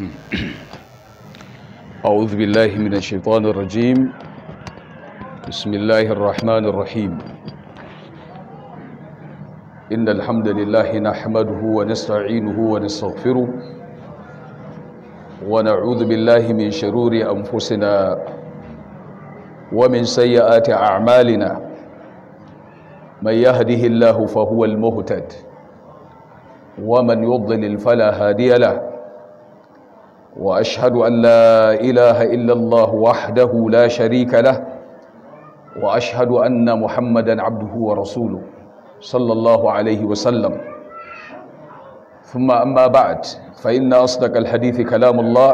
الرحيم أعوذ بالله من الشيطان الرجيم بسم الله الرحمن الرحيم إن الحمد لله نحمده ونستعينه ونستغفره ونعوذ بالله من شرور أنفسنا ومن سيئات أعمالنا من يهده الله فهو المهتد ومن يضلل فلا هادي له واشهد ان لا اله الا الله وحده لا شريك له واشهد ان محمدا عبده ورسوله صلى الله عليه وسلم ثم اما بعد فان اصدق الحديث كلام الله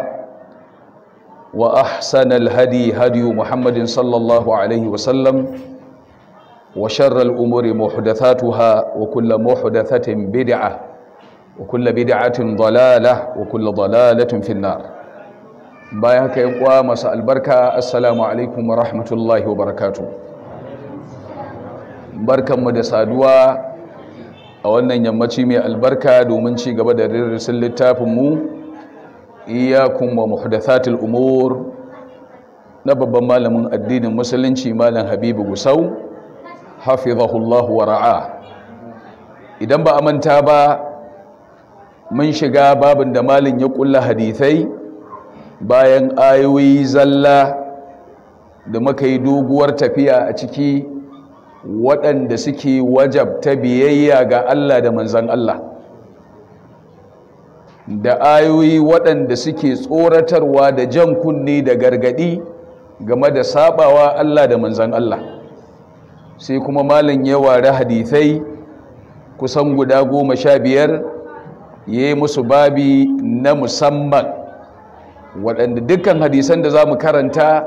واحسن الهدي هدي محمد صلى الله عليه وسلم وشر الامور محدثاتها وكل محدثه بدعه وكل بدعة ضلالة وكل ضلالة في النار بايك يقوى مساء البركة السلام عليكم ورحمة الله وبركاته بركة saduwa, a wannan yammaci mai albarka domin ci gaba da ririsin littafinmu iyakun wa muhdathatul umur na babban malamin addinin musulunci malam habibu gusau hafizahullahu wa ra'a idan ba a manta ba mun shiga babin da malin ya kulla hadithai bayan ayoyi zalla da muka yi doguwar tafiya a ciki waɗanda suke wajabta biyayya ga Allah da manzan Allah da ayoyi waɗanda suke tsoratarwa da jan kunne da gargaɗi game da sabawa Allah da manzan Allah sai kuma malin ya ware hadithai kusan guda goma sha biyar ya yi musu babi na musamman waɗanda dukkan hadisan da za mu karanta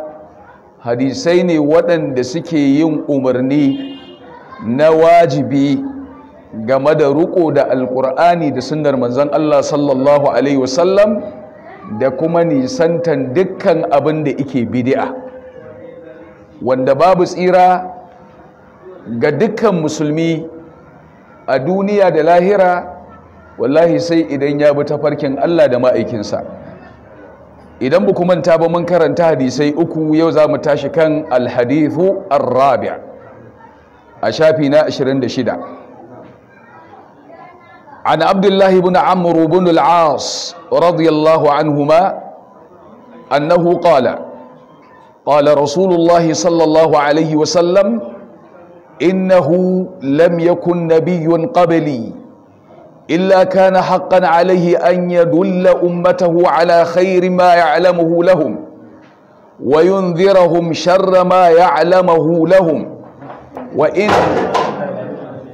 hadisai ne waɗanda suke yin umarni na wajibi game da ruko da Alƙur'ani da sunnar manzon Allah sallallahu alaihi wasallam da kuma nisantan dukkan abin da ike bidi'a wanda babu tsira ga dukkan musulmi a duniya da lahira wallahi sai idan ya bi tafarkin Allah da ma'aikinsa idan ba manta ba mun karanta hadisai uku yau za mu tashi kan alhadithu arrabi' a shafi na 26 an abdullahi ibn amr ibn al-as radiyallahu anhuma annahu qala قال رسول الله صلى الله عليه وسلم إنه لم يكن نبي إلا كان حقا عليه أن يدل أمته على خير ما يعلمه لهم وينذرهم شر ما يعلمه لهم وإن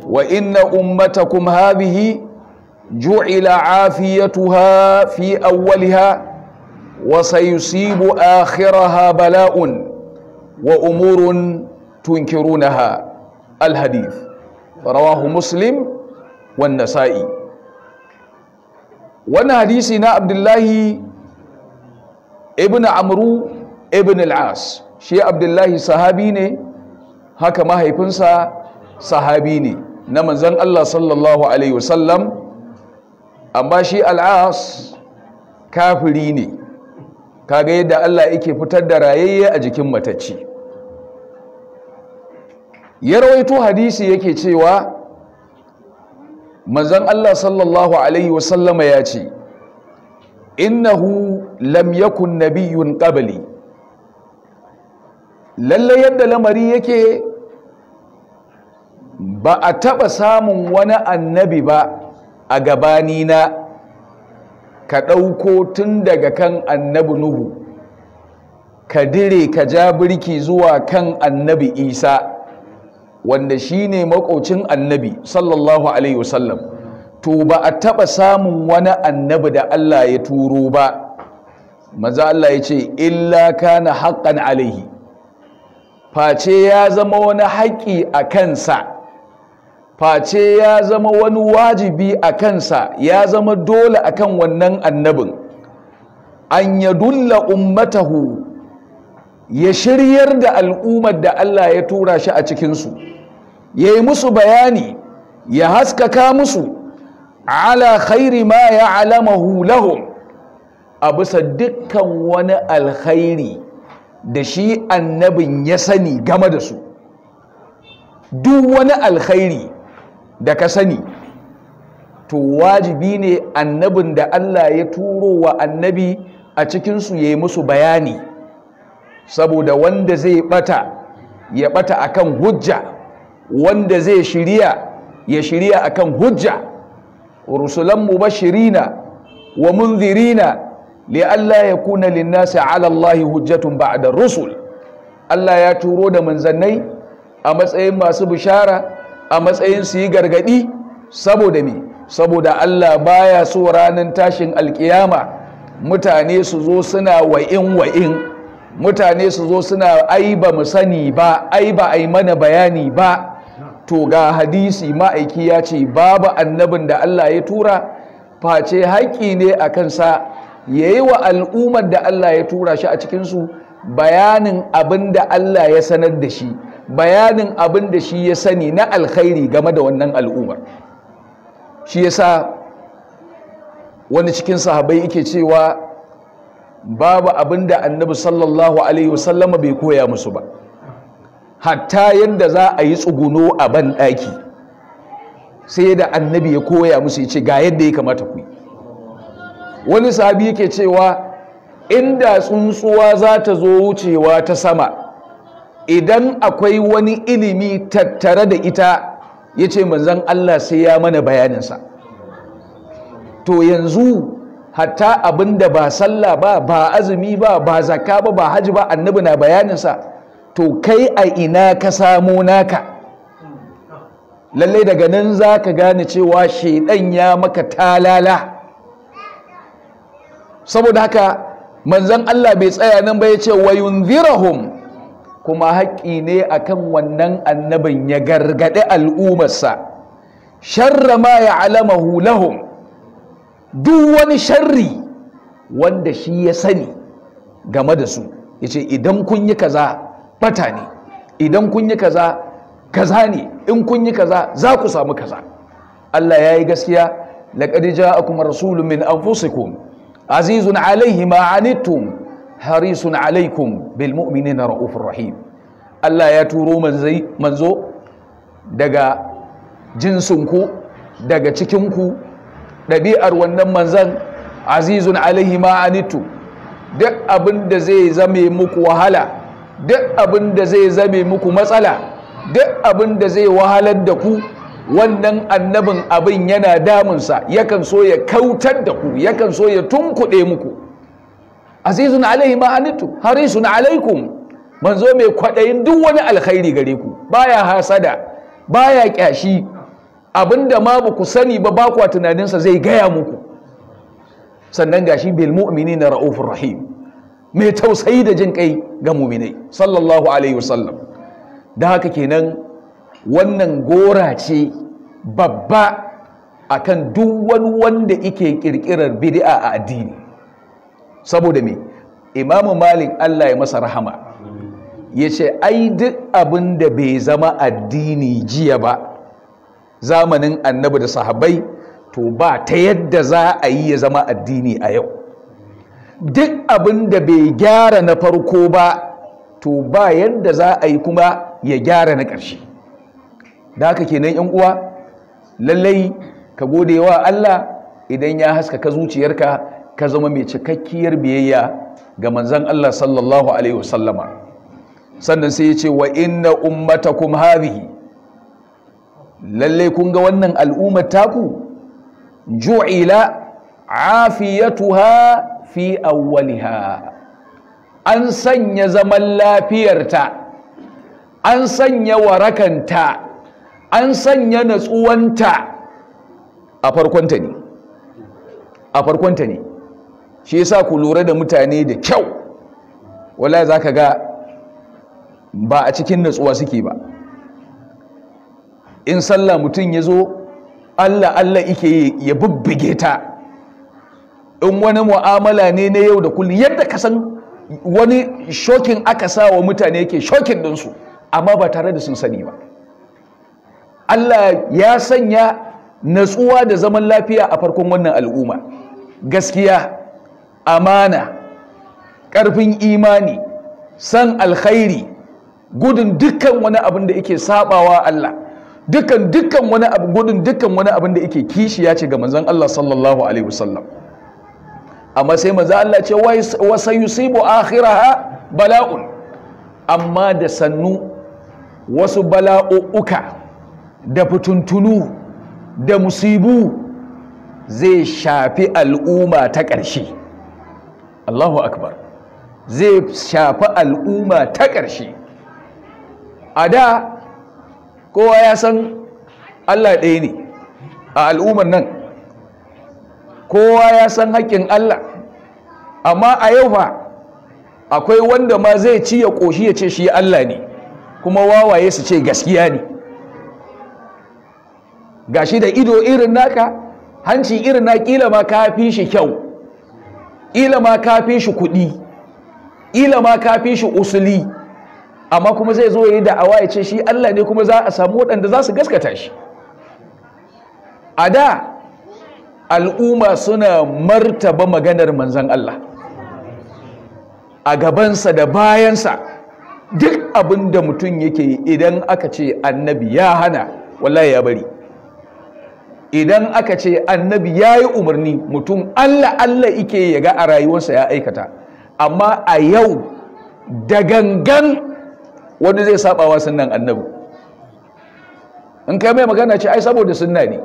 وإن أمتكم هذه جعل عافيتها في أولها وسيصيب آخرها بلاء وأمور تنكرونها الحديث رواه مسلم والنسائي wannan hadisi na abdullahi ibn amru ibn al'as shi abdullahi sahabi ne haka mahaifinsa sahabi ne na manzan Allah sallallahu alaihi wasallam amma shi al'as kafiri ne ga yadda Allah yake fitar da rayayye a jikin matacci ya rawaito hadisi yake cewa manzon Allah sallallahu alaihi wasallama ya ce innahu lam yakun nabiyyun qabli lalle yadda lamari yake ba a taɓa samun wani annabi ba a gabani na, ka ɗauko tun daga kan annabi nuhu ka dire ka ja birki zuwa kan annabi isa wanda shine makocin annabi sallallahu alaihi wasallam to ba a taɓa samun wani annabi da Allah ya turo ba maza Allah ya ce illa kana haqqan alaihi face ya zama wani haƙƙi a kansa face ya zama wani wajibi a kansa ya zama dole akan wannan annabin an ya dulla ummatahu ya shiryar da al'ummar da Allah ya tura shi a cikinsu ya yi musu bayani ya haskaka musu ala khairi ma ya alama hulahu a bisa dukkan wani alkhairi da shi annabin ya sani game da su duk wani alkhairi da ka sani to wajibi ne annabin da Allah ya turo wa annabi a cikinsu ya yi musu bayani saboda wanda zai bata ya bata akan hujja wanda zai shirya ya shirya akan hujja rusulan mubashirina wa munzirina Allah ya ya kuna 'ala alallahi hujjatun ba'da rusul Allah ya turo da manzannai a matsayin masu bishara a matsayin su yi gargadi saboda me saboda Allah baya so ranar tashin alkiyama mutane su zo suna wa'in wa'in mutane su zo suna ai ba mu sani ba ai ba ai mana bayani ba to ga hadisi ma'aiki ya ce babu annabin da Allah ya tura face haƙƙi ne a kansa ya yi wa al'ummar da Allah ya tura shi a cikinsu bayanin abin da Allah ya sanar da shi bayanin abin da shi ya sani na alkhairi game da wannan al'ummar shi ya sa wani cikin sahabai yake cewa babu abin da annabi sallallahu alaihi wasallama bai koya musu ba hatta yadda za a yi tsuguno a ban ɗaki sai da annabi ya koya musu ya ce ga yadda ya kamata ku wani sabi yake cewa inda tsuntsuwa za ta zo wucewa ta sama idan akwai wani ilimi tattare da ita ya ce manzan Allah sai ya mana bayaninsa to yanzu hatta abinda ba sallah ba ba azumi ba ba zakka ba ba hajji ba annabi na bayaninsa to kai a ina ka samu naka lallai daga nan za ka gane cewa shaidan ya maka talala saboda haka manzan Allah bai tsaya nan ba ce wa yunzirahum kuma haƙƙi ne a kan wannan annabin ya gargaɗe al'umarsa Sharrama ya alama hulahun duk wani sharri wanda shi ya sani game da su ya ce idan kun yi kaza bata ne idan kun yi kaza kaza ne in kun yi kaza za ku samu kaza Allah ya yi gaskiya laqad kuma rasulun min anfusikum azizun alaihi ma anittum harisun alaikum bil mu'minina raufur rahim Allah ya turo manzo daga jinsinku daga cikinku ɗabi'ar wannan manzan azizun alaihi ma duk abin da zai zame muku wahala duk abin da zai zame muku matsala duk abin da zai wahalar da ku wannan annabin abin yana damunsa yakan so ya kautar da ku yakan so ya tunkuɗe muku azizun alaihi ma harisun alaikum manzo mai kwaɗayin duk wani alkhairi gare ku baya hasada baya kyashi abinda ma ba ku sani ba bakwa tunaninsa zai gaya muku sannan gashi bil mu'minina ra'ufur rahim mai tausayi da jin kai ga muminai sallallahu alaihi wasallam da haka kenan wannan gora ce babba akan duk wani wanda ike kirkirar bid'a a addini saboda me imamu malik Allah ya masa rahama ya ce ai duk abin da bai zama addini jiya ba zamanin annabi da sahabbai to ba ta yadda za a yi ya zama addini a yau duk abin da bai gyara na farko ba to ba yadda za a yi kuma ya gyara na ƙarshe da haka kenan yan uwa lallai ka gode wa Allah idan ya haska ka zuciyarka ka zama mai cikakkiyar biyayya ga manzon Allah sallallahu alaihi wasallama sannan sai ya ce wa inna ummatakum hadhihi lallai kun ga wannan al'ummar taku ju'ila afiyatuha fi awwaliha an sanya zaman lafiyar ta an sanya warakanta an sanya natsuwanta a farkonta ne a farkonta ne shi yasa ku lura da mutane da kyau wallahi zaka ga ba a cikin natsuwa suke ba in sallah mutum ya zo allah allah yake ya bubbige ta in wani mu'amala ne na yau da kullum yadda ka san wani shokin aka sa wa mutane yake shokin ɗinsu amma ba tare da sun sani ba Allah ya sanya natsuwa da zaman lafiya a farkon wannan al'umma gaskiya amana ƙarfin imani san alkhairi gudun dukkan wani abin da yake sabawa Allah dukkan dukkan wani abu gudun dukkan wani abin da yake kishiya ce ga manzon Allah sallallahu alaihi wasallam amma sai manzo Allah ce wa sayusibu akhiraha bala'un amma da sannu wasu bala'u'uka da fituntunu da musibu zai shafi al'umma ta ƙarshe Allahu akbar zai shafi al'umma ta ƙarshe a da kowa ya san Allah ɗaya ne a al'ummar nan kowa ya san haƙƙin Allah amma a yau fa akwai wanda ma zai ci ya ƙoshi ya ce shi Allah ne kuma wawaye su ce gaskiya ne gashi da ido irin naka hanci irin na ƙila ma ka fi shi kyau ƙila ma ka fi shi kuɗi ƙila ma ka fi shi usuli amma kuma zai zo ya yi da'awa ya ce shi Allah ne kuma za a samu waɗanda za su gaskata shi a da al'umma suna martaba maganar manzan Allah a gabansa da bayansa duk abin da mutum yake idan aka ce annabi ya hana wala ya bari idan aka ce annabi ya yi umarni mutum Allah Allah ike ya ga a rayuwarsa ya aikata amma a yau da gangan wani zai wasu sunan annabi in kai mai magana ce ai saboda sunna ne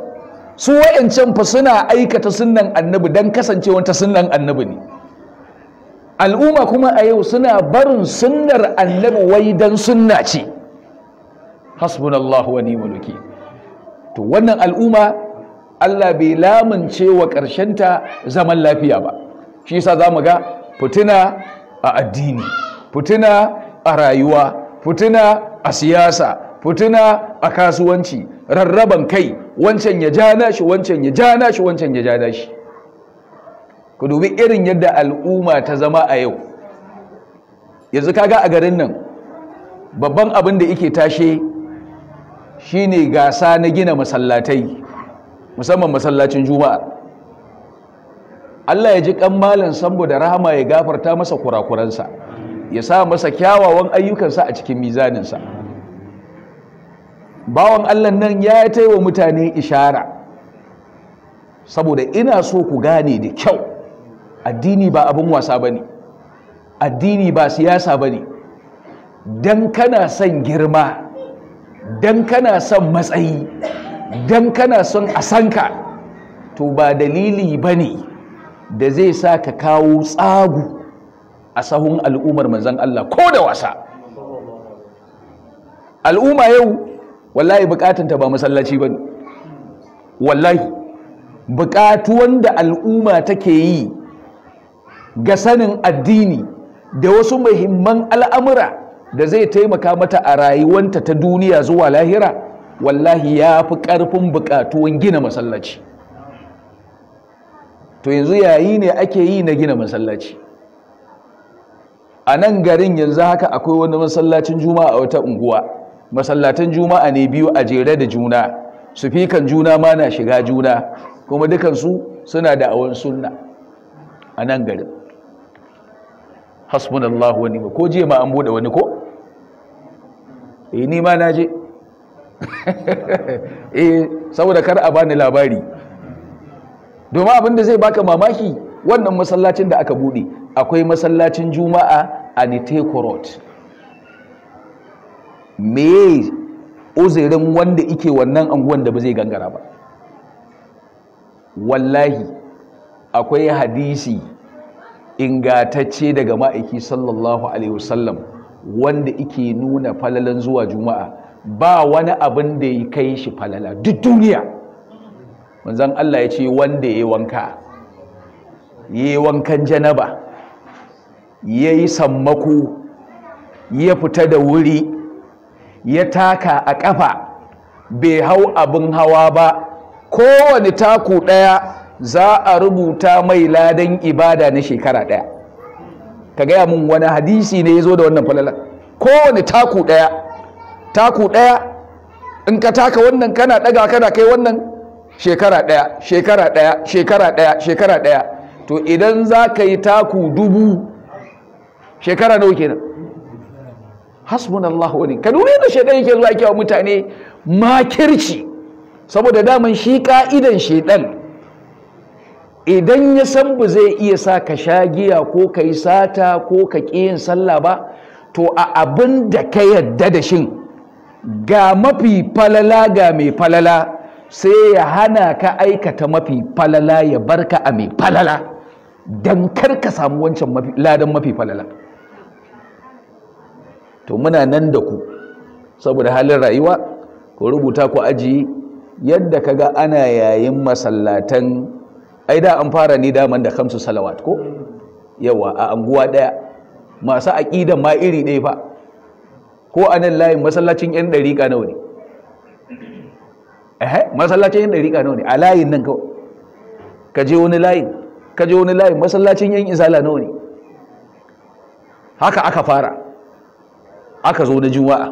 su wa'ancan fa suna aikata sunnan annabi don kasancewa wata sunnan annabi ne al'umma kuma a yau suna barin sunnar annabi wai don sunna ce hasbunallahu wa ni'mal to wannan al'umma Allah bai lamince wa ta zaman lafiya ba shi yasa zamu ga fitina a addini fitina a rayuwa fitina a siyasa fitina a kasuwanci rarraban kai wancan ya ja nashi wancan ya ja nashi wancan ya ja nashi ku dubi irin yadda al'umma ta zama a yau yanzu kaga a garin nan babban abin da yake tashe shine gasa na gina masallatai musamman masallacin juma'a Allah ya ji kan malan sambo da rahama ya gafarta masa kurakuransa ya sa masa kyawawan ayyukansa a cikin mizaninsa bawan allah nan ya ta wa mutane ishara saboda ina so ku gane da kyau addini ba abin wasa ba ne addini ba siyasa ba ne don kana son girma don kana son matsayi don kana son a sanka to ba dalili ba ne da zai sa ka kawo tsagu a sahun al'ummar manzan Allah ko da wasa al'umma yau wallahi bukatanta ba masallaci ba wallahi bukatuwan da al'umma take yi ga sanin addini da wasu muhimman al'amura da zai taimaka mata a rayuwanta ta duniya zuwa lahira wallahi ya fi ƙarfin bukatuwan gina masallaci to yanzu yayi ne ake yi na gina masallaci a nan garin yanzu haka akwai wani masallacin juma'a a wata unguwa masallatan juma'a ne biyu a jere da juna su kan juna ma na shiga juna kuma dukansu suna da awon sunna a nan garin hasbunallahu wani ko je ma an bude wani ko eh ni ma na je eh saboda kar a bani labari domin abin da zai baka mamaki wannan masallacin da aka bude akwai masallacin juma'a a nitekorot me uzurin wanda ike wannan anguwan da ba zai gangara ba wallahi akwai hadisi ingatacce daga ma'aiki sallallahu alaihi wasallam wanda ike nuna falalan zuwa juma'a ba wani abin da ya kai shi falala duk duniya manzan Allah ya ce wanda ya wanka ya yi wankan janaba ya yi sammako ya fita da wuri ya taka a ƙafa bai hau abin hawa ba kowane taku ɗaya za a rubuta mai ladan ibada na shekara ɗaya ka gaya mun wani hadisi ne ya zo da wannan falalar kowane taku ɗaya taku ɗaya in ka taka wannan kana ɗaga kana kai wannan shekara ɗaya shekara ɗaya shekara ɗaya shekara ɗaya to idan za ka yi taku dubu shekara nawa kenan hasbunallahu wa ka dubi da shaidan yake zuwa yake wa mutane makirci saboda daman shi ka'idan shaidan idan ya san ba zai iya sa ka sha giya ko ka yi sata ko ka ƙi yin sallah ba to a abin da ka yadda da shin ga mafi falala ga mai falala sai ya hana ka aikata mafi falala ya barka a mai falala don kar ka samu wancan ladan mafi falala to muna nan da ku saboda halin rayuwa ku rubuta ku aji yadda kaga ana yayin masallatan ai da an fara ni daman da kamsu salawat ko yawa a anguwa daya masu aqidan ma iri dai fa ko a nan layin masallacin yan dariƙa nawa ne eh masallacin yan dariƙa nawa ne a layin nan kawai ka je wani layin ka je wani layin masallacin yan isala nawa ne haka aka fara aka zo na juma'a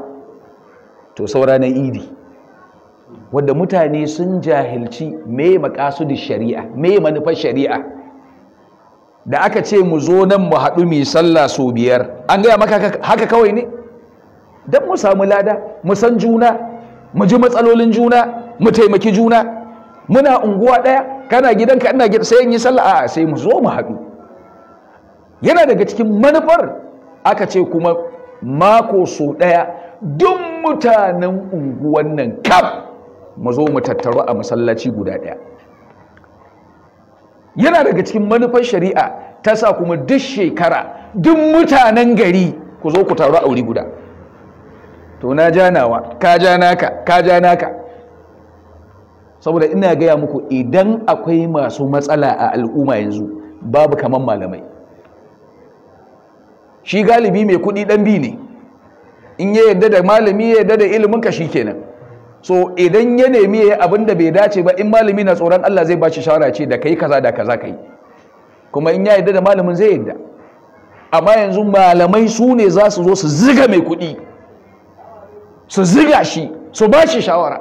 to sauranan idi wadda mutane sun jahilci me da shari'a me manufar shari'a da aka ce mu zo nan mu haɗu mai sallah sau biyar an gaya maka haka kawai ne don mu samu lada mu san juna mu ji matsalolin juna mu taimaki juna muna unguwa ɗaya kana gidanka ina gida sai in yi sallah a sai mu zo mu haɗu yana daga cikin manufar aka ce kuma mako so ɗaya duk mutanen unguwan nan kaf mu zo mu tattaru a masallaci guda ɗaya yana daga cikin manufar shari'a ta sa kuma duk shekara duk mutanen gari ku zo ku taru a wuri guda to na janawa, ka ja naka ka ja naka saboda ina gaya muku idan akwai masu matsala a al'umma yanzu babu kaman malamai shi galibi mai kuɗi dan bi ne in ya yadda da malami ya yadda da ilimin ka kenan so idan ya nemi ya abin da bai dace ba in malami na tsoron Allah zai bashi shawara ce da kai kaza da kaza kai kuma in ya yadda da malamin zai yadda amma yanzu malamai su ne za su zo su ziga mai kuɗi su ziga shi su bashi shawara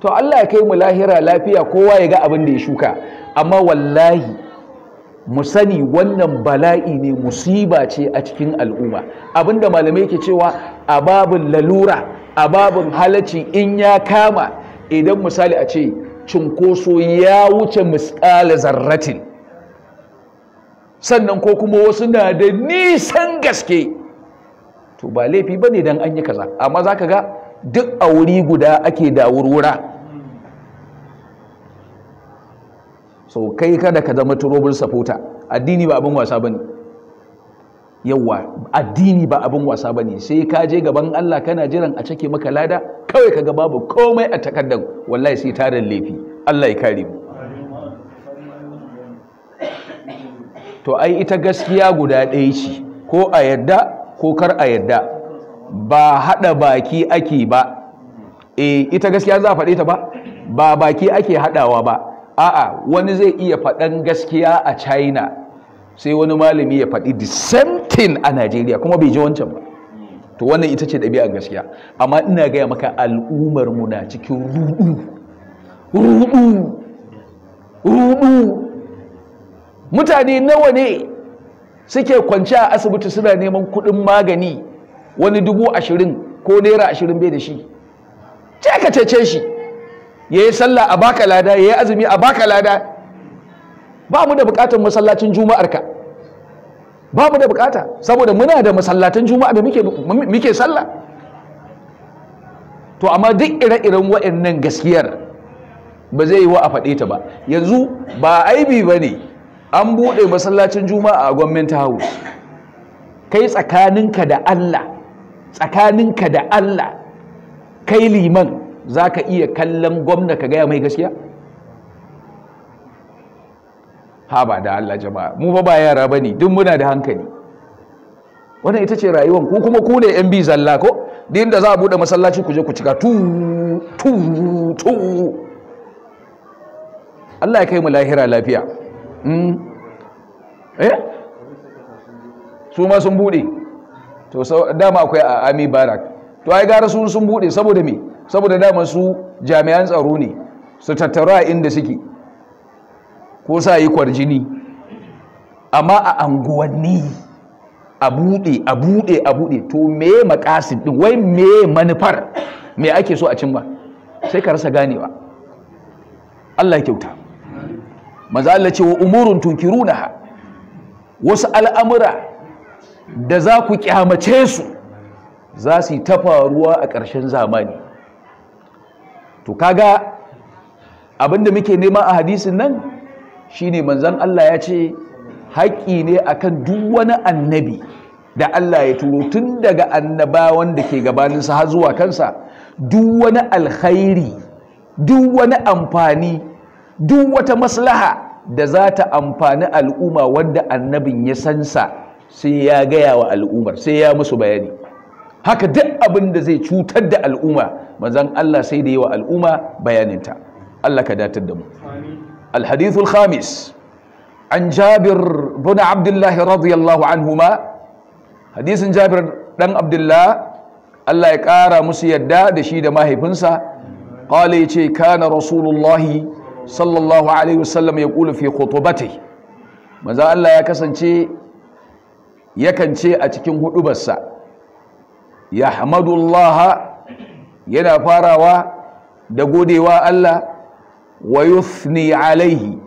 to Allah ya kai mu lahira lafiya kowa ya ga abin da ya shuka amma wallahi mu sani wannan bala'i ne musiba ce a cikin al'umma abinda malamai ke cewa ababin lalura ababin halacci in ya kama idan misali a ce cinkoso ya wuce misali zarratin sannan ko kuma wasu na da nisan gaske to ba laifi ba ne don an yi kaza amma za ka ga duk a wuri guda ake da wurwura so kai kada ka zama turobin sapota addini ba abin wasa bane yawa addini ba abin wasa bane sai ka je gaban Allah kana jiran a cake maka lada kawai kaga babu komai a takaddan wallahi sai tarin laifi Allah ya kare mu to ai ita gaskiya guda ɗaya ce ko a yadda ko kar a yadda ba haɗa baki ake ba Eh ita gaskiya za a faɗe ta ba ba baki ake haɗawa ba a'a wani zai iya faɗan gaskiya a china sai wani malami ya faɗi the same thing a najeriya kuma bai ji wancan ba to wannan ita ce ɗabi'ar gaskiya amma ina gaya maka al'ummar mu na cikin rudu rudu rudu mutane nawa ne suke kwance a asibiti suna neman kuɗin magani wani dubu ashirin ko naira ashirin bai da shi ce ka cece shi ya yi sallah a baka lada ya yi azumi a baka lada ba mu da bukatar masallacin juma'ar ka ba mu da bukata saboda muna da masallatan juma'a da muke sallah to amma duk ire-iren waɗannan gaskiyar ba zai yi wa a faɗe ta ba yanzu ba aibi ba ne an buɗe masallacin juma'a a ta haus kai tsakaninka da allah tsakaninka da allah kai liman za ka iya kallon gwamna ka gaya mai gaskiya ha ba da Allah jama'a mu ba ba yara ba ne duk muna da hankali wannan ita ce rayuwan ku kuma ku ne yan bi zalla ko din da za a buɗe masallaci ku je ku cika tu tu tu Allah ya kai mu lahira lafiya hmm? eh su ma sun buɗe to dama akwai a ami barak to ai gara sun sun buɗe saboda me saboda dama su jami'an tsaro ne su tattaru a inda suke ko sa yi kwarjini amma a anguwanni a buɗe a buɗe a buɗe to me makasin ɗin wai me manufar me ake so a cin ba sai ka rasa ganewa Allah kyauta maza Allah ce wa umurun tunkirunaha wasu al'amura da za ku kyamace su za su yi tafaruwa a ƙarshen zamani to kaga abinda muke nema a hadisin nan shine manzon Allah ya ce haƙƙi ne akan duk wani annabi da Allah ya turo tun daga annabawan da ke gabanin sa har zuwa kansa duk wani alkhairi duk wani amfani duk wata maslaha da za ta amfani al'umma wanda annabin ya sansa sai ya gaya wa al'ummar sai ya musu bayani haka duk abin da zai cutar da al'umma manzan Allah sai da yi wa al'umma bayaninta Allah ka datar da mu alhadithul khamis an jabir buna abdullahi radiyallahu anhuma hadisin jabir dan Abdullahi. Allah ya ƙara musu yadda da shi da mahaifinsa ƙwale ya ce kana rasulullahi sallallahu alaihi wasallam ya ƙulu fi khutubatai maza Allah ya kasance yakan ce a cikin hudubarsa ya hamadullaha yana farawa da godewa Allah wa yuthni alaihi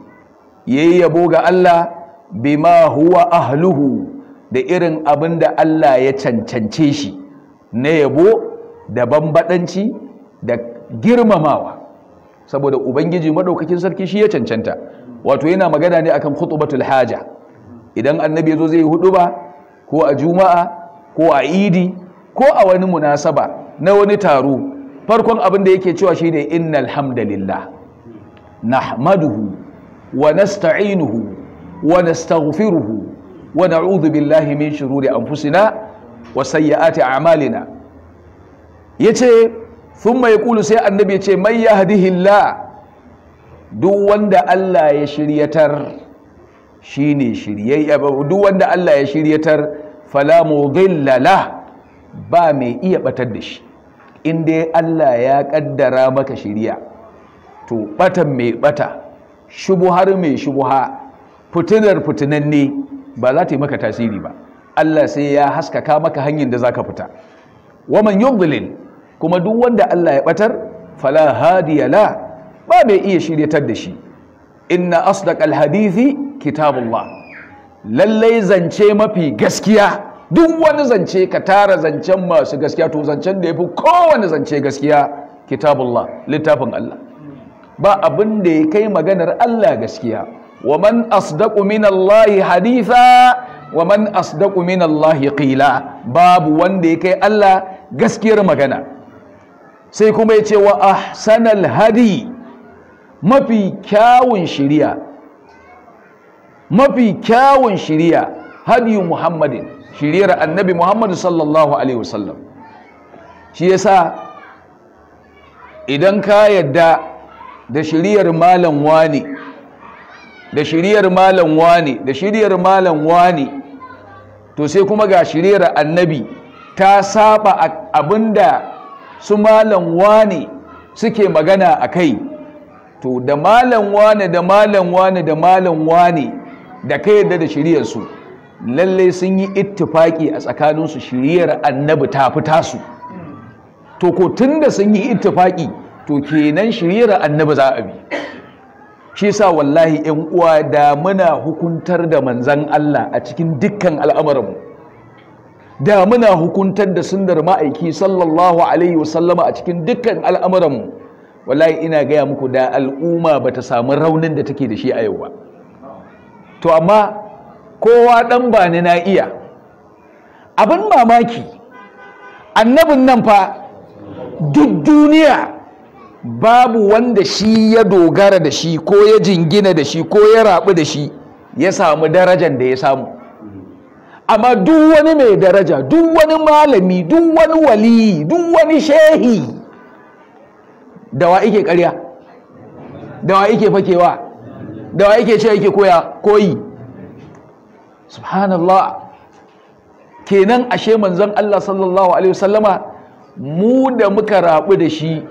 yayi yabo ga Allah bima huwa ahluhu da irin abin da Allah ya cancance shi na yabo da bambadanci da girmamawa saboda ubangiji madaukakin sarki shi ya cancanta wato yana magana ne akan khutbatul haja idan annabi yazo zai huduba ba ko a juma'a ko a idi ko a wani munasaba na wani taro farkon abin da yake cewa shine innal hamdalillah nahmaduhu wa nasta'inuhu wa nastaghfiruhu wa na'udhu billahi min shururi anfusina wa sayyiati a'malina yace thumma yaqulu sai annabi yace may yahdihillah duk wanda Allah ya shiryatar shine shiryayya duk wanda Allah ya shiryatar fala mudilla ba mai iya batar da shi in dai Allah ya kaddara maka shiriya to batan mai bata shubuhar mai shubuha fitinar ne ba za ta yi maka tasiri ba Allah sai ya haskaka maka hanyar da zaka fita waman yudlil kuma duk wanda Allah ya batar fala hadiya la ba mai iya shiryatar da shi inna asdaqal hadithi kitabullah lallai zance mafi gaskiya duk wani zance ka tara zancen masu gaskiya to zancen da ya fi kowane zance gaskiya kitabullah littafin Allah ba abin da ya kai maganar Allah gaskiya wa man asdaqu min Allah haditha wa man asdaqu qila babu wanda ya kai Allah gaskiyar magana sai kuma ya ce wa ahsanal hadi mafi kyawun shiriya mafi kyawun shiriya hadiyu muhammadin shiriyar annabi muhammadu sallallahu alaihi wasallam shi yasa idan ka yadda da shiriyar malam wani da shiriyar malam wani da shiriyar malam wani to sai kuma ga shiriyar annabi ta saba abinda su malam wani suke magana a kai to da malam wani da malam wani da malam wani da ka yadda da shiriyarsu lalle sun yi ittifaki a tsakaninsu shiriyar annabi ta fi tasu to ko tun da sun yi ittifaki to kenan shiriyar annabi za a bi shi sa wallahi yan uwa da muna hukuntar da manzan Allah a cikin dukkan al'amuranmu da muna hukuntar da sundar ma'aiki sallallahu alaihi wasallama a cikin dukkan al'amuranmu wallahi ina gaya muku da al'umma ba ta samu raunin da take da shi a yau ba to amma kowa ɗan bani na iya abin mamaki annabin nan fa duk duniya babu wanda shi ya dogara da shi ko ya jingina da shi ko ya rabu da shi ya samu darajar da ya samu amma duk wani mai daraja duk wani malami duk wani wali duk wani shehi da wa ike karya da wa ike fakewa da wa ike ce ike koyi subhanallah kenan ashe manzon Allah sallallahu alaihi wasallama mu da muka rabu da shi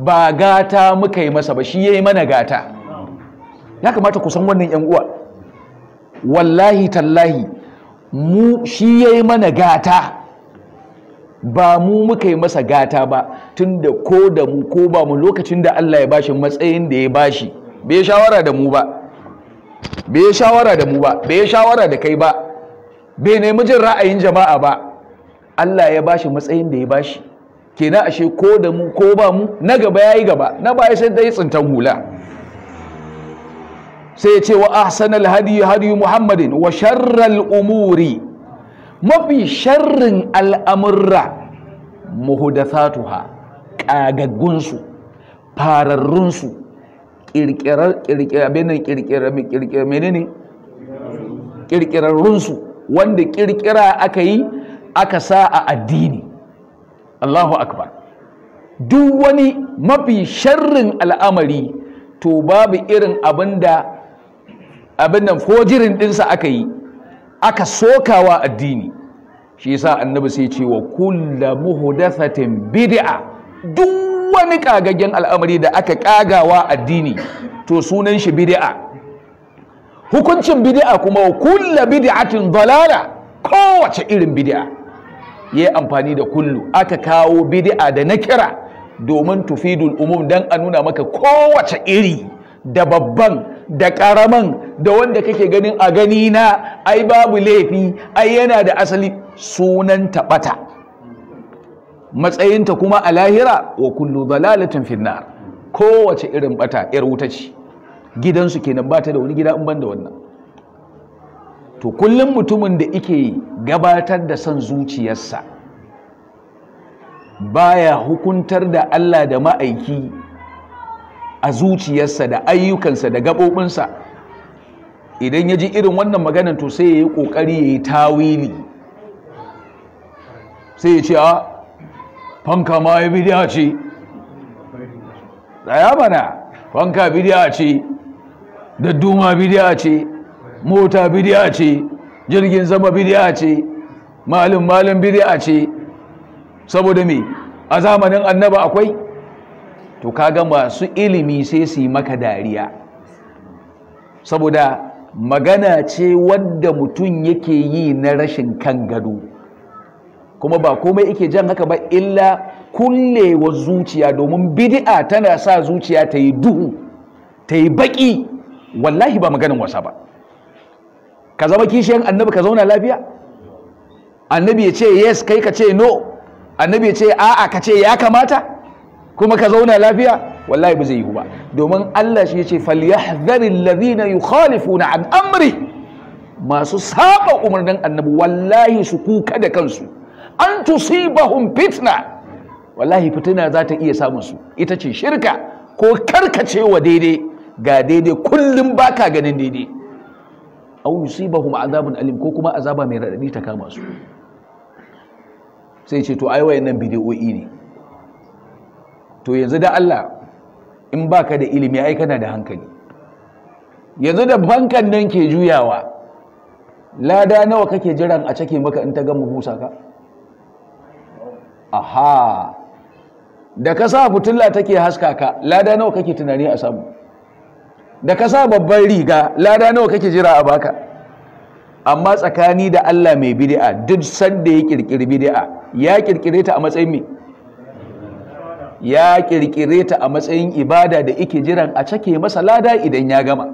ba gata muka yi masa ba shi yayi mana gata ya kamata ku san wannan yan uwa wallahi tallahi mu shi yayi mana gata ba mu muka yi masa gata ba tunda ko da mu ko ba mu lokacin da Allah ya bashi matsayin da ya bashi bai shawara da mu ba bai shawara da mu ba bai shawara da kai ba bai nemi jin ra'ayin jama'a ba Allah ya bashi matsayin da ya bashi kenan ashe ko da mu ko ba mu na gaba yayi gaba na baya sai dai tsintan hula sai ya ce wa ahsanal hadi hadi muhammadin wa sharral umuri mafi sharrin al'amurra muhdathatuha ƙagaggunsu, fararrunsu kirkirar kirkirar menene runsu? wanda kirkira aka yi aka sa a addini Allahu akbar duk wani mafi sharrin al'amari to babu irin abinda abinda fojirin dinsa aka yi aka sokawa addini shi yasa annabi sai ce wa kullu muhdathatin bid'a duk wani kagaggen al'amari da aka kagawa addini to sunan shi bid'a hukuncin bid'a kuma kullu bid'atin dalala kowace irin bid'a yayi amfani da kullu aka kawo bid'a da na kira domin tufidul umum dan a nuna maka kowace iri da babban da karaman da wanda kake ganin a gani na ai babu laifi ai yana da asali sunan tabata matsayinta kuma a lahira wa kullu dalalatin finnar kowace irin bata yar wuta ce gidansu kenan bata da wani gida in banda wannan to kullum mutumin da ike gabatar da son zuciyarsa baya hukuntar da Allah da ma'aiki a zuciyarsa da ayyukansa da gaɓoɓinsa idan ya ji irin wannan maganan to sai ya yi ƙoƙari ya yi tawili sai ya ce a fanka ma ya bidiya ce tsaya mana fanka bidiya ce dadduma bidiya ce mota bidiya ce jirgin zama bidiya ce malin malin bidiya ce saboda me a zamanin annaba akwai to kaga masu ilimi sai su yi maka dariya saboda magana ce wadda mutum yake yi na rashin kan gado kuma ba komai yake jan haka ba illa kullewa zuciya domin bid'a tana sa zuciya ta yi duhu ta yi baƙi wallahi ba maganin wasa ba ka zama kishiyan annabi ka zauna lafiya annabi ya ce yes kai ka ce no annabi ya ce a'a ka ce ya kamata kuma ka zauna lafiya wallahi ba zai yi ba domin Allah shi ya ce falyahdhari alladhina yukhalifuna an amri masu saba umarnin annabi wallahi su kuka da kansu an tusibahum fitna wallahi fitina za ta iya samun su ita ce shirka ko karkacewa daidai ga daidai kullum baka ganin daidai aw yusibahum azabun alim ko kuma azaba mai raɗaɗi ta kama su sai ce to ai wayannan bidiyoyi ne to yanzu da Allah in baka da ilimi ai kana da hankali yanzu da bankan nan ke juyawa lada nawa kake jiran a cake maka in ta gama busa ka aha da ka sa fitilla take haska ka lada nawa kake tunani a samu da ka sa babban riga lada nawa kake jira a baka amma tsakani da Allah mai bid'a duk sanda ya kirkiri bid'a ya kirkire ta a matsayin me ya kirkire ta a matsayin ibada da yake jiran a cake masa lada idan ya gama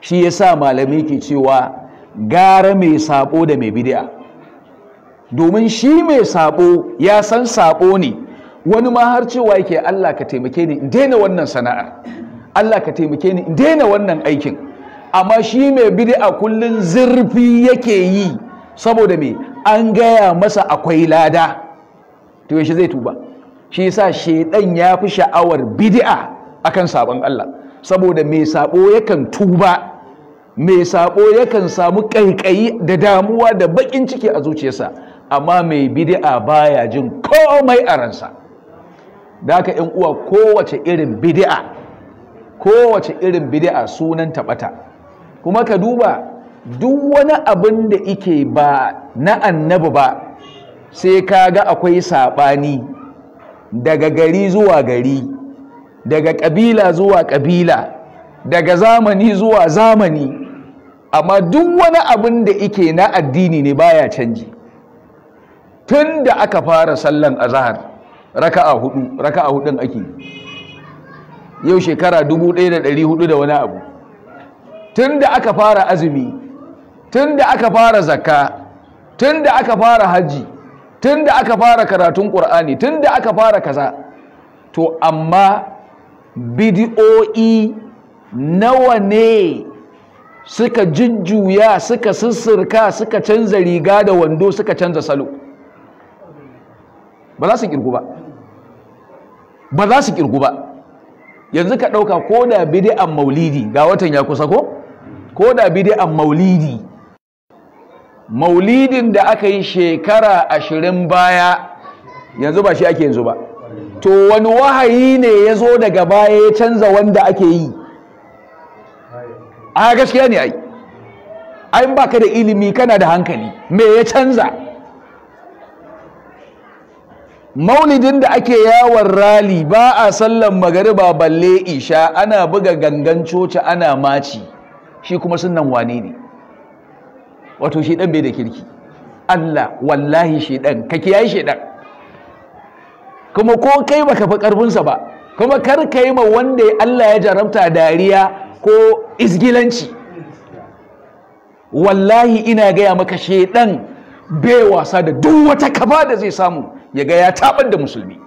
shi yasa malami ke cewa gara mai sabo da mai bid'a domin shi mai sabo ya san sabo ne wani ma har cewa yake Allah ka taimake ni in daina wannan sana'ar Allah ka taimake ni in daina wannan aikin amma shi mai bid'a kullun zurfi yake yi saboda me an gaya masa akwai lada to shi zai tuba shi yasa shedan ya fi sha'awar bid'a akan sabon Allah saboda mai sabo yakan tuba mai sabo yakan samu kaikayi da damuwa da bakin ciki a zuciyarsa amma mai bidi'a baya jin komai a ransa da haka yan uwa kowace irin bidi'a kowace irin bid'a sunan taɓata kuma ka duba duk wani abin da ike ba na annabi ba sai ka ga akwai saɓani daga gari zuwa gari daga ƙabila zuwa ƙabila daga zamani zuwa zamani amma duk wani abin da ike na addini ne baya canji tun da aka fara sallan azahar raka'a hudu raka'a hudun ake yau shekara 1400 da wani abu tun da aka fara azumi tun da aka fara zakka tun da aka fara hajji tun da aka fara karatun ƙur'ani tun da aka fara kaza to amma bidiyo'i nawa ne suka jujjuya suka sissirka suka canza riga da wando suka canza salo ba za su kirgu ba ba za su kirgu ba yanzu ka ɗauka ko da bidi'an maulidi ga watan ya kusa ko ko da bidi'an maulidi maulidin da aka yi shekara ashirin baya yanzu ba shi ake yanzu ba to wani wahayi ne ya zo daga baya ya canza wanda ake yi a gaskiya ne ai ai ba ka da ilimi kana da hankali me ya canza maulidin da ake yawon rali ba a sallan magariba balle isha ana buga gangan coci ana maci shi kuma sunan wane ne wato shi dan bai da kirki Allah wallahi shi dan ka kiyaye shi dan kuma ko kai baka fi karfinsa ba kuma kar ka ma wanda Allah ya jarabta dariya ko izgilanci wallahi ina gaya maka shedan bai wasa da duk wata kaba da zai samu ya ga ya taɓar da musulmi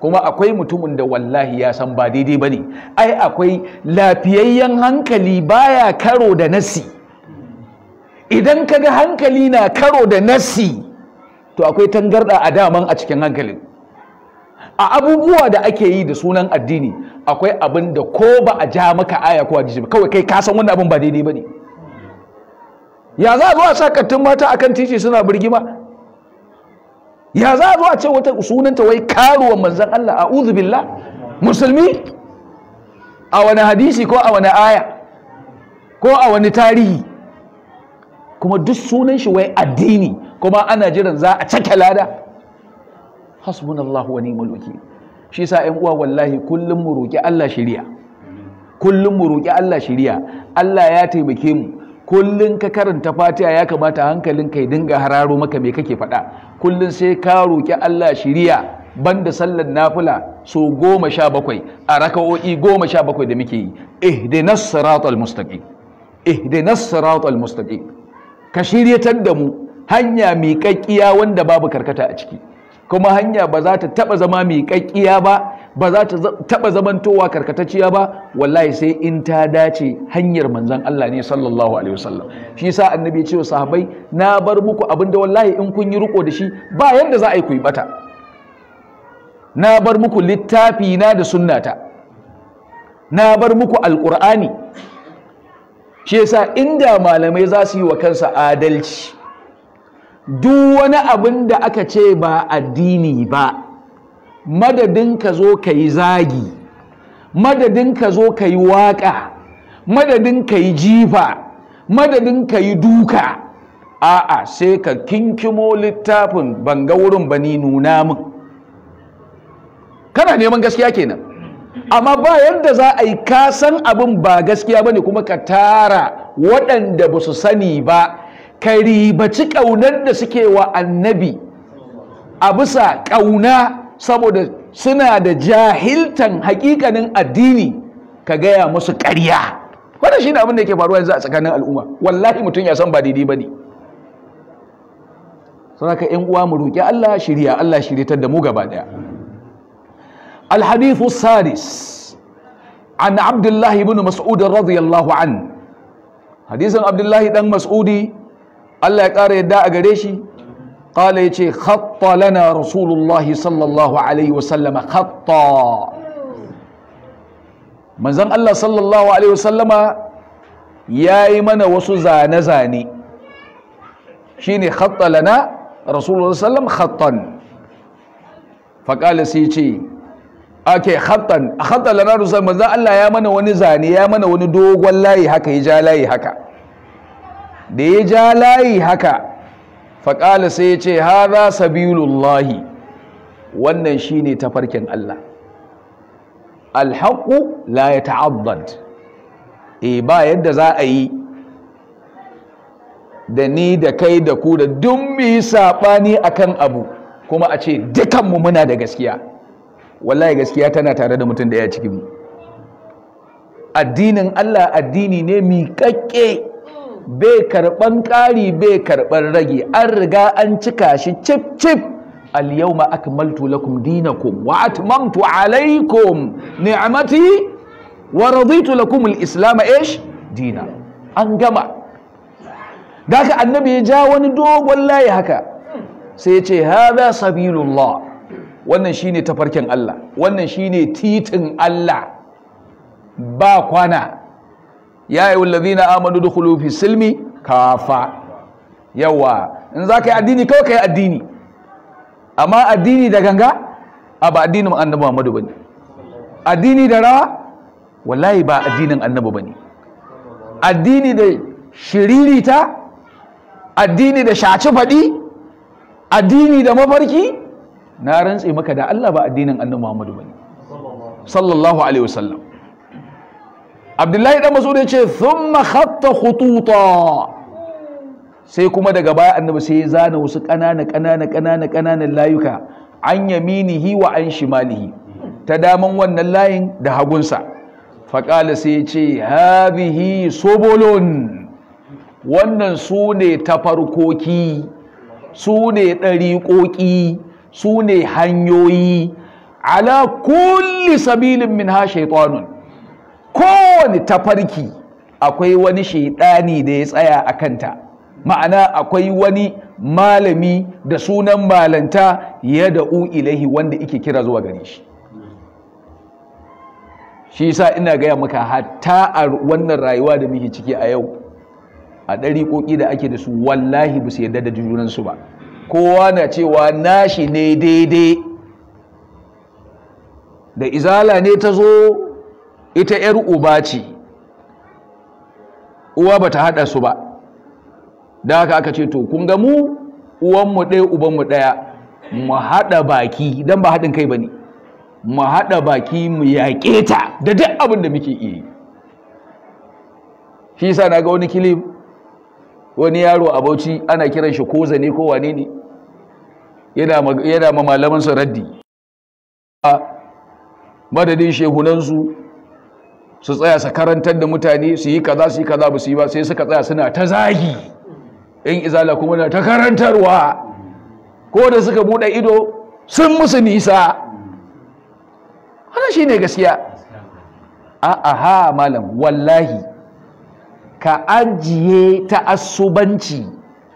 kuma akwai mutumin da wallahi ya san ba daidai ba ne ai akwai lafiyayyen hankali baya karo da nasi idan ka ga hankali na karo da nasi to akwai tangarɗa a daman a cikin hankalin a abubuwa da ake yi da sunan addini akwai abin da ko ba a ja maka aya ko hadisi ba kawai kai ka san wannan abin ba daidai ba ne ya za a zo a sa kattun mata akan titi suna birgima ya za a zo a ce wata sunanta wai karuwa manzan Allah a'udhu musulmi a wani hadisi ko a wani aya ko a wani tarihi kuma duk sunan shi wai addini kuma ana jiran za a cake lada hasbunallahu wa ni'mal wakil shi yasa ƴan uwa wallahi kullum mu roki Allah shiriya kullum mu roki Allah shiriya Allah ya taimake mu kullun ka karanta fatiha ya kamata hankalin ya dinga hararo maka me kake faɗa kullun sai ka roki Allah shiriya banda sallar nafila so goma sha bakwai a raka'o'i goma sha bakwai da muke yi ihdinas siratal mustaqim ihdinas siratal mustaqim ka shiryatar da mu hanya miƙaƙƙiya wanda babu karkata a ciki kuma hanya ba za ta taɓa zama miƙaƙƙiya ba ba za ta taɓa zamantowa karkatacciya ba wallahi sai in ta dace hanyar manzan Allah ne sallallahu alaihi wasallam shi sa annabi ya ce wa sahabbai na bar muku abin da wallahi in kun yi riko da shi ba yanda za a yi ku yi bata na bar muku littafi na da sunnata na bar muku alqur'ani shi yasa inda malamai za su yi wa kansa adalci duk wani abin da aka ce ba addini ba madadin ka zo ka yi zagi madadin ka zo ka yi waƙa madadin ka yi jifa madadin ka yi duka a'a sai ka kinkimo littafin banga wurin ba ni nuna min kana neman gaskiya kenan amma ba yadda za a yi kasan abin ba gaskiya bane kuma ka tara waɗanda ba su sani ba ka ribaci ƙaunar da suke wa annabi a bisa ƙauna saboda suna da jahiltan hakikanin addini ka gaya musu ƙarya wannan shi abin da yake faruwa yanzu a tsakanin al'umma wallahi mutum ya san ba daidai ba bane ka yan uwa mu roƙi Allah shirya Allah shiryatar da mu gaba daya alhadifu السادس an Abdullahi bin بن radiyallahu an. Hadisan Abdullahi dan Mas'udi. Allah ya ƙara yadda a gare shi ya ce, khatta lana rasulullahi sallallahu alaihi wasallam khatta manzon Allah sallallahu alaihi wasallama yi mana wasu zane zane shine khatta lana rasulullahi sallam khattan faqala sai yace ake khattan khatta lana rasulullahi manzon Allah ya mana wani zane ya mana wani dogon layi haka ya ja layi haka da ya ja layi haka faƙala sai ya ce haza sabilullahi wannan shine tafarkin Allah alhaƙu la ya e eh, ba yadda za a yi da ni da kai da ku da duk muyi saɓani saɓani akan abu kuma a ce dukanmu muna da gaskiya wallahi gaskiya tana tare da mutum da ya cikin addinin Allah addini ne miƙaƙƙe bai karɓan ƙari bai karban rage an riga an cika shi cif cif al-yawma lakum dinakum wa atmamtu alaikum. ni'mati wa raditu lakum al-islam ish dina an gama daga annabi ya ja wani dogon layi haka sai ya ce hadha sabilullah wannan shine tafarkin Allah wannan shine titin Allah ba kwana ya yi wallazina Amadu da fi silmi kafa yawa in za ka yi addini kawai ka yi addini amma addini da ganga a ba addinin annabi Muhammadu bane addini da rawa wallahi ba addinin annabi bane addini da shiririta addini da shaci faɗi addini da mafarki na rantse maka da Allah ba addinin annabi Muhammadu bane sallallahu alaihi wasallam abdullahi dan mas'ud ya ce thumma khatta khututa sai kuma daga baya annabi sai ya zana wasu ƙanana ƙanana ƙanana layuka an yaminihi wa an shimalihi ta daman wannan layin da hagunsa faƙala sai ya ce habihi sobolon wannan su ne tafarkoki su ne ɗariƙoƙi su ne hanyoyi ala kulli sabilin min ha shaitanun kowane tafarki akwai wani shaidani da ya tsaya a kanta ma'ana akwai wani malami da sunan malanta ya da'u ilahi wanda ike kira zuwa gare shi shi yasa ina gaya maka hatta a wannan rayuwa da muke ciki a yau a ɗari ɗariƙoƙi da ake da su wallahi ba su yarda da junansu ba kowa na cewa nashi ne daidai da izala ne ta zo ita ‘yar uba ce uwa bata ta haɗa su ba da haka aka ce to kun ga mu uwanmu ɗaya ubanmu ɗaya mu haɗa baki don ba haɗin kai ba ne mu haɗa baki mu yaƙeta ta da duk abin da muke shi yasa na ga wani kilim wani yaro a bauchi ana kiran shi ko zane ko wane ne yana ma malaman su raddi madadin shehunansu su tsaya su karantar da mutane su yi kaza su yi kaza ba su yi ba sai suka tsaya suna ta zagi in izala kuma na ta karantarwa ko da suka bude ido sun musu nisa wannan shine gaskiya a aha malam wallahi ka ajiye ta asubanci,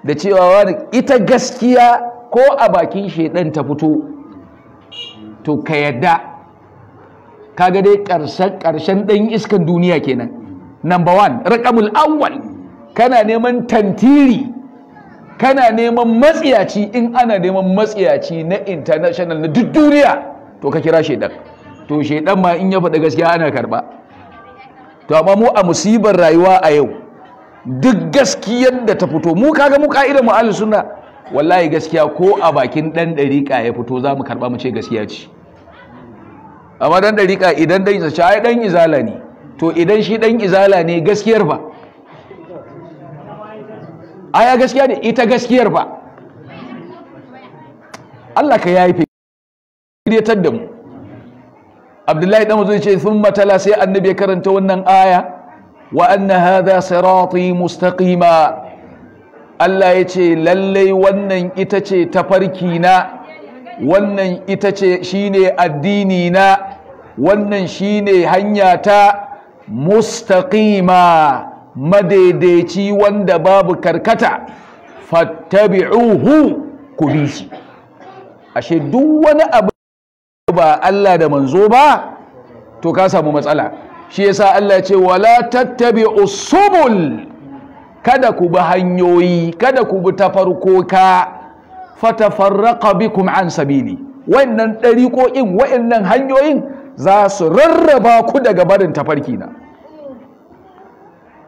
da cewa wani ita gaskiya ko a bakin shedan ta fito to ka yadda kaga dai karshen ɗan iskan duniya kenan number one rakamul awwal kana neman tantiri kana neman matsiyaci in ana neman matsiyaci na international na duk duniya to ka kira shaidan to shaidan ma in ya faɗa gaskiya ana karɓa to amma mu a musibar rayuwa a yau duk gaskiyar da ta fito mu kaga mu ka'idar mu ahlus sunna wallahi gaskiya ko a bakin dan dariƙa ya fito za mu karɓa mu ce gaskiya ce amma dan dariƙa idan dan isa ai dan izala ne to idan shi dan izala ne gaskiyar ba aya gaskiya ne ita gaskiyar ba Allah ka yayi fitar da mu Abdullahi dan zai ce thumma tala sai annabi ya karanta wannan aya wa anna hadha sirati mustaqima Allah ya ce lallai wannan ita ce tafarki na wannan ita ce shine addini na wannan shine hanya ta mustaqima madaidaici wanda babu karkata fattabi'uhu ku bi shi ashe duk wani abu ba Allah da manzo ba to ka samu matsala shi yasa Allah ce wala tattabi'u subul kada ku bi hanyoyi kada ku bi tafarkoka fatafarraqa bikum an sabili wannan ɗariƙoƙin wa'annan hanyoyin za su rarraba ku daga barin tafarki na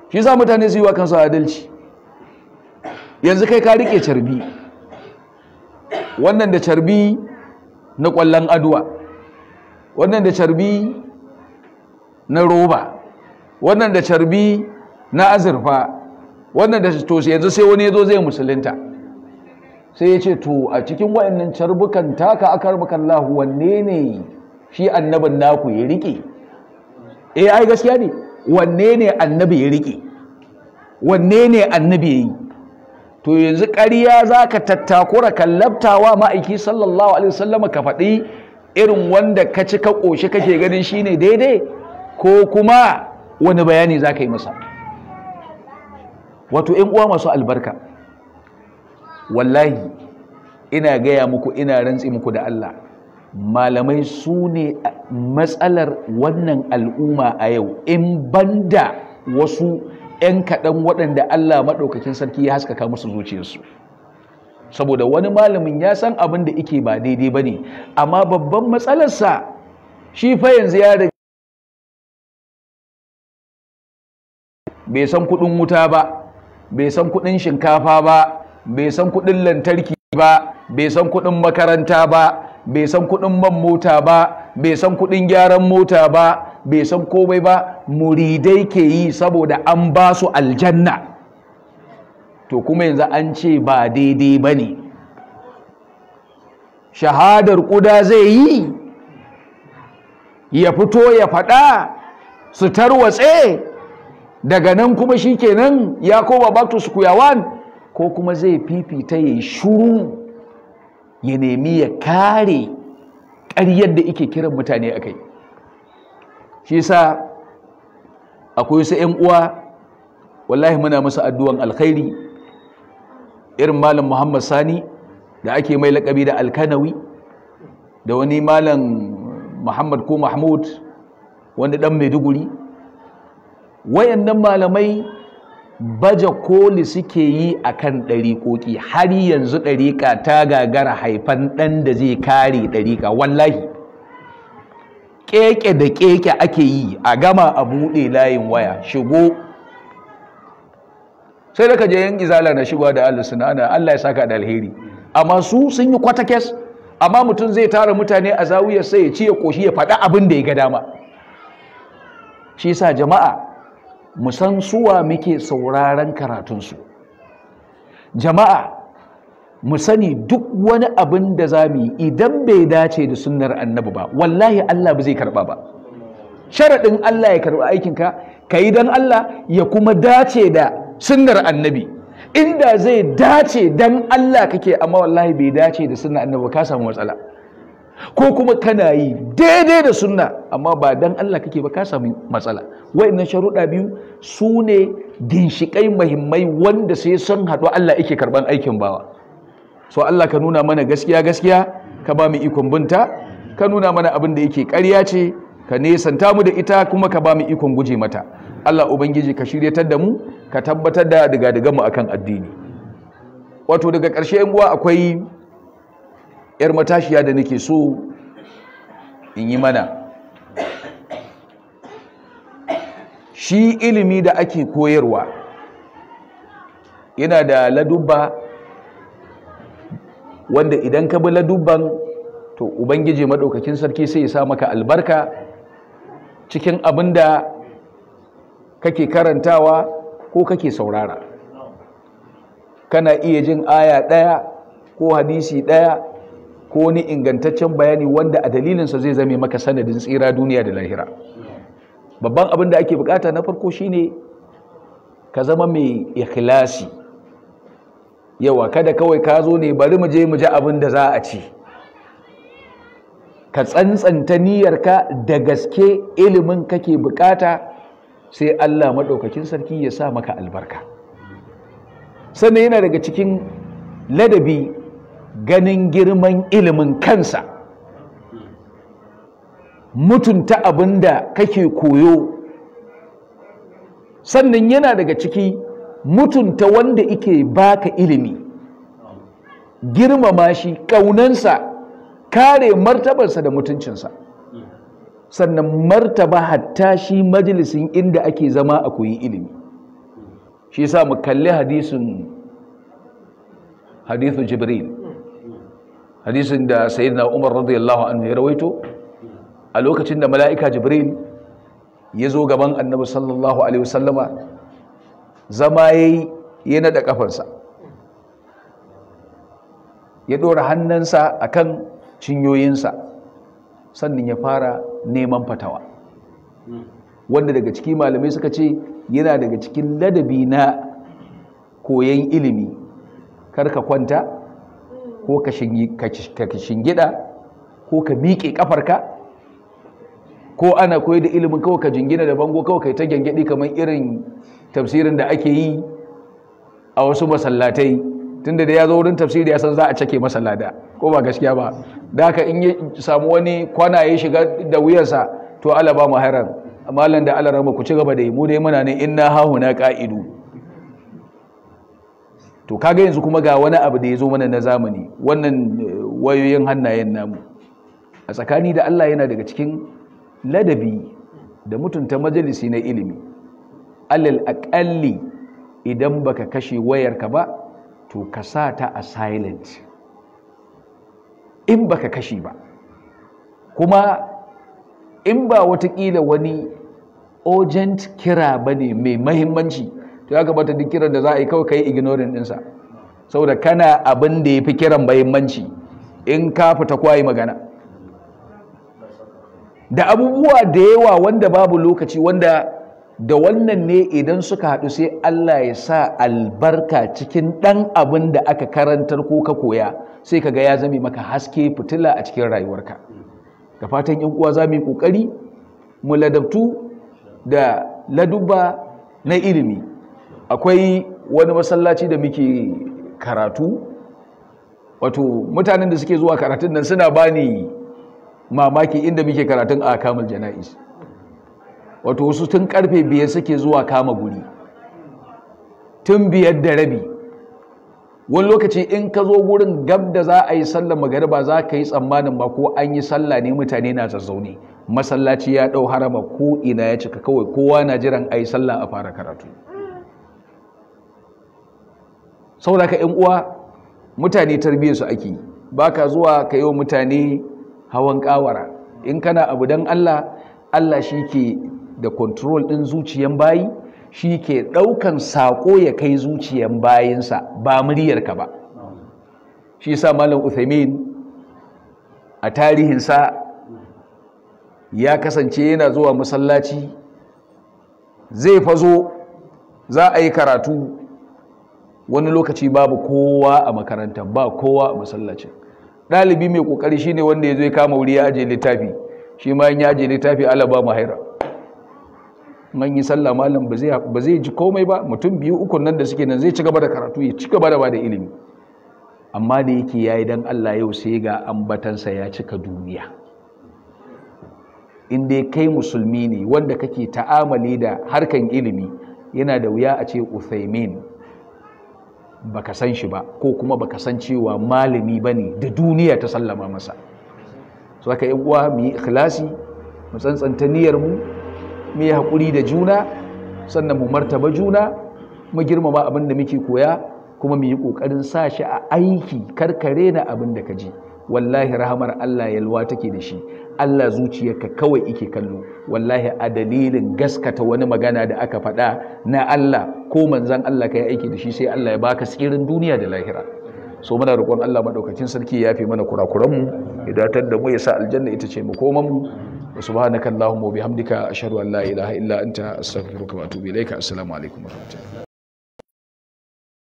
shi za mutane su yi wa kansu adalci yanzu kai ka rike carbi wannan da carbi na kwallon aduwa wannan da carbi na roba wannan da carbi na azurfa wannan da to yanzu sai wani yazo zai musulunta sai ya ce to a cikin wa'annan carbukan taka akarbukan lahu wanne ne shi annabin naku ya rike eh ai gaskiya ne wanne ne annabi ya rike wanne ne annabi ya yi to yanzu ƙarya za ka tattakura kallabtawa ma'aiki sallallahu alaihi wasallama ka faɗi irin wanda ka ci ka ƙoshi kake ganin shine daidai ko kuma wani bayani zaka yi masa wato ‘yan uwa masu albarka wallahi ina gaya muku ina rantsi muku da Allah malamai su ne matsalar wannan al'umma a yau in banda wasu 'yan kaɗan waɗanda Allah maɗaukakin sarki ya haskaka musu zuciyarsu saboda wani malamin ya san abin da ike ba daidai ba ne amma babban matsalarsa shi fa yanzu ya riga bai san kuɗin wuta ba bai san kuɗin shinkafa ba bai san kuɗin lantarki ba bai san kuɗin makaranta ba bai san kudin man mota ba bai san kudin gyaran mota ba bai san komai ba muridai ke yi saboda an ba su aljanna to kuma yanzu an ce ba daidai ba ne shahadar kuda zai yi ya fito ya faɗa su tarwatse daga nan kuma shi kenan ya koma back to square one ko kuma zai fifita ya yi shuru ya nemi ya kare ƙaryar da ike kiran mutane a kai shi sa akwai su 'yan uwa wallahi muna musu addu'an alkhairi irin malam muhammad sani da ake mai laƙabi da alkanawi da wani malam muhammad ko mahmud wanda ɗan maiduguri wayannan malamai baje koli suke yi a kan ɗariƙoƙi har yanzu ɗariƙa ta gagara haifan ɗan da zai kare ɗariƙa wallahi ƙeƙe da ƙeƙe ake yi a gama a buɗe layin waya shigo sai da kaje yan izala na shigowa da Allah suna Allah ya saka da alheri amma su sun yi kwata kes amma mutum zai tara mutane a zawiyar sai ya ci ya koshi ya faɗa abin da ya ga dama shi sa jama'a mu suwa muke sauraron karatunsu jama'a mu sani duk wani abin da za mu yi idan bai dace da sunnar annabi ba wallahi Allah ba zai karba ba sharaɗin Allah ya karɓi aikinka ka yi don Allah ya kuma dace da sunnar annabi inda zai dace don Allah kake amma wallahi bai dace da sunnar annabi ka samu matsala ko kuma kana yi daidai da sunna amma ba dan Allah kake ba ka sami matsala wa'annan sharuɗa biyu su ne ginshiƙai muhimmai wanda sai san haɗu Allah yake karɓan aikin bawa so Allah ka nuna mana gaskiya gaskiya ka ba mu ikon binta ka nuna mana abin da yake ƙarya ce ka nesanta mu da ita kuma ka ba mu ikon guje mata Allah ubangiji ka shiryatar da mu ka tabbatar da diga daga mu akan addini wato daga ƙarshe yan uwa akwai yar matashiya da nake so in yi mana shi ilimi da ake koyarwa yana da ladubba wanda idan ka bi ladubban to ubangiji maɗaukakin sarki sai ya sa maka albarka cikin abin da kake karantawa ko kake saurara kana iya jin aya ɗaya ko hadisi ɗaya ko wani ingantaccen bayani wanda a dalilinsa zai zame maka sanadin tsira duniya da lahira babban abin da ake bukata na farko shine ka zama mai ikhlasi yawa kada kawai ka zo ne bari mu je mu ji abin da za a ci ka tsantsanta niyyarka da gaske ilimin kake bukata sai Allah maɗaukakin sarki ya sa maka albarka sannan yana daga cikin ladabi ganin girman ilimin kansa mutunta abin da kake koyo sannan yana daga ciki mutunta wanda ike baka ilimi girmama shi ƙaunansa kare martabarsa da mutuncinsa sannan martaba hatta shi majalisin inda ake zama a koyi ilimi shi yasa mu kalli hadisin hadithu jibril hadisin da sayyidina Umar radiyallahu anhu ya rawaito a lokacin da mala'ika Jibril ya zo gaban Annabi sallallahu alaihi wasallama zama yayi ya nada kafarsa ya dora hannunsa akan cinyoyinsa sannan ya fara neman fatawa wanda daga ciki malamai suka ce yana daga cikin ladabi na koyon ilimi karka kwanta ko ka shingida ko ka miƙe ƙafarka ko ana koyi da ilimin kawai ka jingina da bango kawai ta gyangyaɗi kamar irin tafsirin da ake yi a wasu masallatai tunda da ya zo wurin tafsiri ya san za a cake masallada ko ba gaskiya ba da haka in ya samu wani kwana ya shiga da wuyansa to ala ba mu hairan malam da ala rama ku ci gaba da yi mu dai muna ne hahu na ka'idu. to kaga yanzu kuma ga wani abu da ya zo mana na zamani wannan eh, wayoyin hannayen namu a tsakani da Allah yana daga cikin ladabi da mutunta majalisi na ilimi alal aƙalli idan baka kashe wayarka ba to ka sa ta a silent in baka kashe ba kuma in ba watakila wani urgent kira bane mai mahimmanci to ya kamata duk kiran da za a yi kawai kai ignoring dinsa saboda kana abin da ya fi kiran mahimmanci in ka fita kwayi magana da abubuwa da yawa wanda babu lokaci wanda da wannan ne idan suka haɗu sai Allah ya sa albarka cikin ɗan abin da aka karantar ko ka koya sai ka ga ya zame maka haske fitila a cikin rayuwarka da fatan yan uwa za mu yi ƙoƙari mu ladabtu da laduba na ilimi akwai wani masallaci da muke karatu wato mutanen da suke zuwa karatun nan suna bani mamaki inda muke karatun a kamul jana'is wato wasu tun karfe biyar suke zuwa kama guri tun biyar da rabi wani lokaci in ka zo gurin gab da za a yi sallar magariba za ka yi tsammanin ba ko an yi sallah ne mutane na zazzaune masallaci ya ɗau harama ko ina ya cika kawai kowa na jiran a yi sallah a fara karatu saboda ka ƴan uwa mutane tarbiyyarsu ake. ake ka zuwa ka yi wa mutane hawan kawara in kana abu don Allah Allah shi ke da control ɗin zuciyan bayi shi ke ɗaukan saƙo ya kai zuciyan bayinsa ba muryarka ba shi sa malam uthamin a tarihinsa ya kasance yana zuwa masallaci zai fazo za a yi karatu wani lokaci babu kowa a makaranta ba kowa a masallacin ɗalibi mai ƙoƙari shine wanda ya zo ya kama wuri ya aje littafi shi ma ya aje littafi ala ba mahaira man yi sallah malam ba zai ji komai ba mutum biyu uku nan da suke nan zai ci gaba da karatu ya ci gaba da ba da ilimi amma da yake ya yi don allah yau sai ga ambatansa ya cika duniya in dai kai musulmi ne wanda kake ta'amali da harkan ilimi yana da wuya a ce uthaimin baka san shi ba ko kuma baka san cewa malami bane da duniya ta sallama masa so haka yan uwa mu yi ikhlasi mu tsantsanta niyyar mu mu yi hakuri da juna sannan mu martaba juna mu girmama abin da muke koya kuma mu yi kokarin sa shi a aiki karkare na abin da ka ji wallahi rahamar Allah yalwa take da shi Allah zuciyarka kawai ike kallo wallahi a dalilin gaskata wani magana da aka faɗa na Allah ko manzan Allah ka yi aiki da shi sai Allah ya baka tsirin duniya da lahira so muna roƙon Allah madaukakin sarki ya fi mana kurakuranmu ya datar da mu ya sa aljanna ita ce mu koman mu wa subhanaka allahumma wa bihamdika ashhadu an la ilaha illa anta astaghfiruka wa atubu ilaika assalamu alaikum wa rahmatullahi